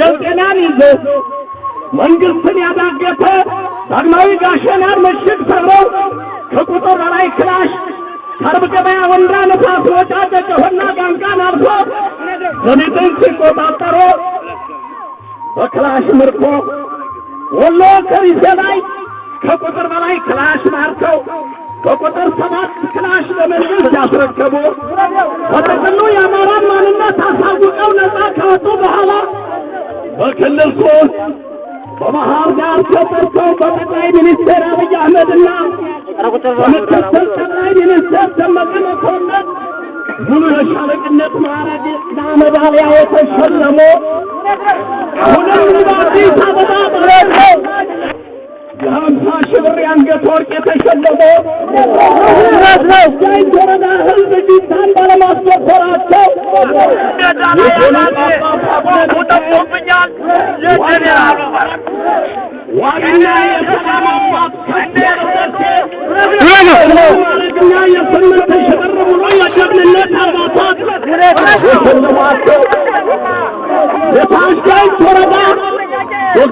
ጀልጤናን ይዞ መንግስትን ያዳገተ ዳግማዊ ጋሸናን ምሽግ ሰብረው ከቁጥር በላይ ክላሽ ከአርብ ገበያ ወንዳ ነፋስ ወጫ ደጨሆና ጋንጋን አልፎ ዘቢጥን ሲቆጣጠሩ በክላሽ ምርኮ ወሎ ከሪሴ ላይ ከቁጥር በላይ ክላሽ ማርከው በቁጥር ሰባት ክላሽ ለመንግስት ያስረከቡ በጥቅሉ የአማራን ማንነት አሳ ክልልኩን በመሃርዳር ተጠርተው በጠቅላይ ሚኒስትር አብይ አህመድና በምክትል ጠቅላይ ሚኒስትር ደመቀ መኮንን ሙሉ የሻለቅነት ማዕረግ ዳመባሊያ የተሸለሙ አሁንም ባዲስ አበባ ማለት ነው። Let's go.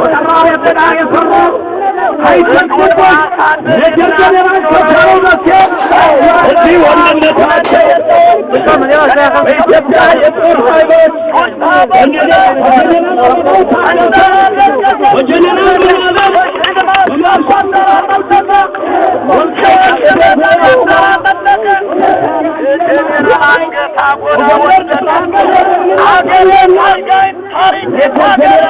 والأمارة لا يصرون Thank you.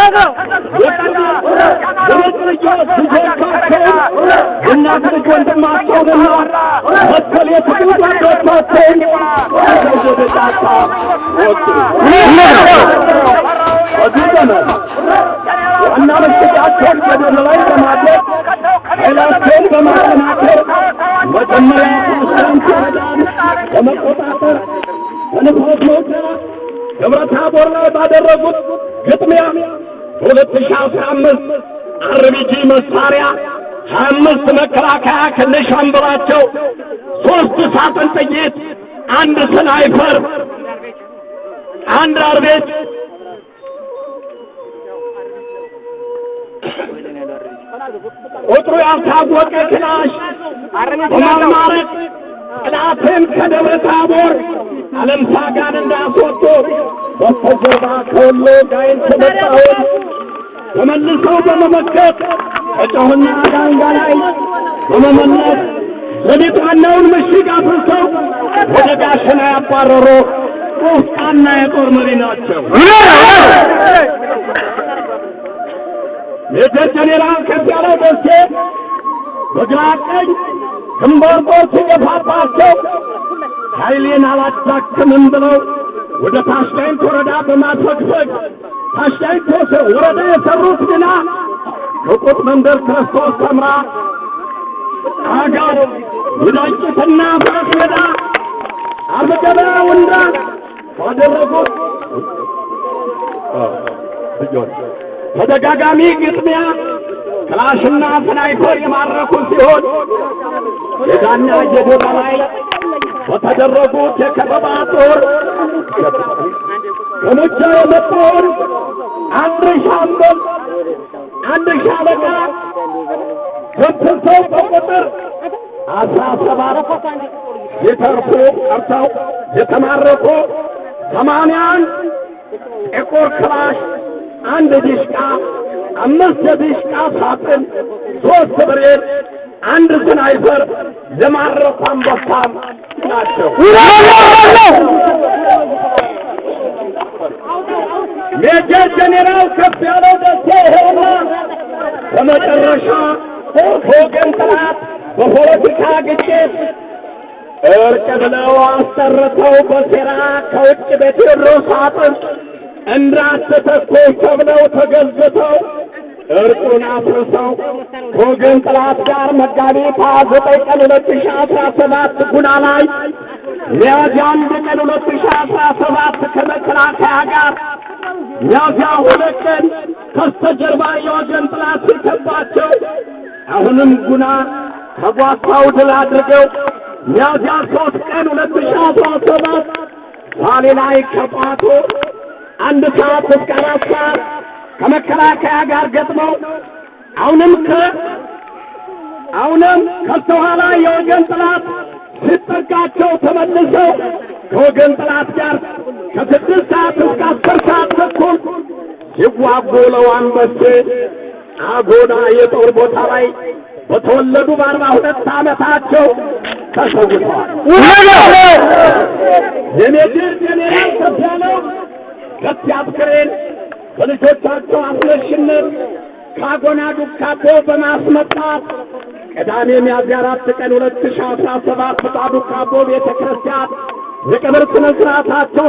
تھا بول رہا ہے گت میں آ گیا ሁለት ሺህ አስራ አምስት አርቢጂ መሳሪያ ሀያ አምስት መከላከያ ከነሽ አንበባቸው ሶስት ሳጥን ጥይት አንድ ስናይፐር አንድ አርቤት ቁጥሩ ያልታወቀ ክላሽ በማማረጥ ጠላትን ከደብረ ታቦር ዓለም ሳጋን እንዳስወጡ በስተጀርባ ከወሎ ጋይንት መጣውን ተመልሰው በመመከት ከጮህና ዳንጋ ላይ በመመለስ ለቤት ዋናውን ምሽግ አፍርሰው ወደ ጋሸና ያባረሩ ቆፍጣና የጦር መሪ ናቸው። ሜጀር ጄኔራል ከፍ ደሴ በግራ ቀኝ ግንቦርቦችን የፋፋቸው ኃይሌን አላዳክምም ብለው ወደ ታሽዳይንት ወረዳ በማፈግፈግ ታሽዳይንት ወረዳ የሰሩት ግና ከቁጥ መንደር ክርስቶስ ተምራ አጋር የዳቂትና ፈረስ ሜዳ አርበገበያ ወንዳ ባደረጉት ተደጋጋሚ ግጥሚያ ጥላሽና ተናይኮር የማረኩ ሲሆን የዳና የዶባ ላይ በተደረጉት የከበባ ጦር ከሙጫ የመጣውን አንድ ሻምበል አንድ ሻለቃ ስንት ሰው በቁጥር አስራ ሰባት የተርፎ ቀርተው የተማረኩ ሰማንያን ጥቁር ክላሽ አንድ ዲሽቃ አምስት የዲሽቃ ሳጥን፣ ሶስት ብሬት፣ አንድ ስናይፐር ለማረፍ አንበሳም ናቸው። ሜጀር ጄኔራል ከፍ ያለው ደሴ ይኸውና በመጨረሻ ፎቅን ጥላት በፖለቲካ ግጭት እርቅ ብለው አስጠርተው በሴራ ከውጭ በቴዎድሮስ አጥር እንዳትተኮስ ተብለው ተገዝተው እርቁን አፍርሰው ከወገን ጥላት ጋር መጋቢት ሃያ ዘጠኝ ቀን ሁለት ሺህ አስራ ሰባት ጉና ላይ ሚያዝያ አንድ ቀን ሁለት ሺህ አስራ ሰባት ከመከላከያ ጋር ሚያዝያ ሁለት ቀን ከስተጀርባ የወገን ጥላት ሲከባቸው አሁንም ጉና ከጓሳው ድል አድርገው ሚያዝያ ሶስት ቀን ሁለት ሺህ አስራ ሰባት ዛሌ ላይ ከጧቱ አንድ ሰዓት እስከ አራት ሰዓት ከመከላከያ ጋር ገጥመው አሁንም ከ አሁንም ከስተኋላ የወገን ጥላት ሲጠቃቸው ተመልሰው ከወገን ጥላት ጋር ከስድስት ሰዓት እስከ አስር ሰዓት ተኩል ሲዋጉ ለዋንበሴ አጎና የጦር ቦታ ላይ በተወለዱ በአርባ ሁለት ዓመታቸው ተሰውተዋል። የሜጀር ጄኔራል ከፍ ያለው ከፍ ያብክሬን በልጆቻቸው አስረሽነት ካጎና ዱካቶ በማስመጣት ቅዳሜ ሚያዝያ አራት ቀን ሁለት ሺህ አስራ ሰባት ፍቃዱ ካቦ ቤተ ክርስቲያን የቀብር ስነ ስርዓታቸው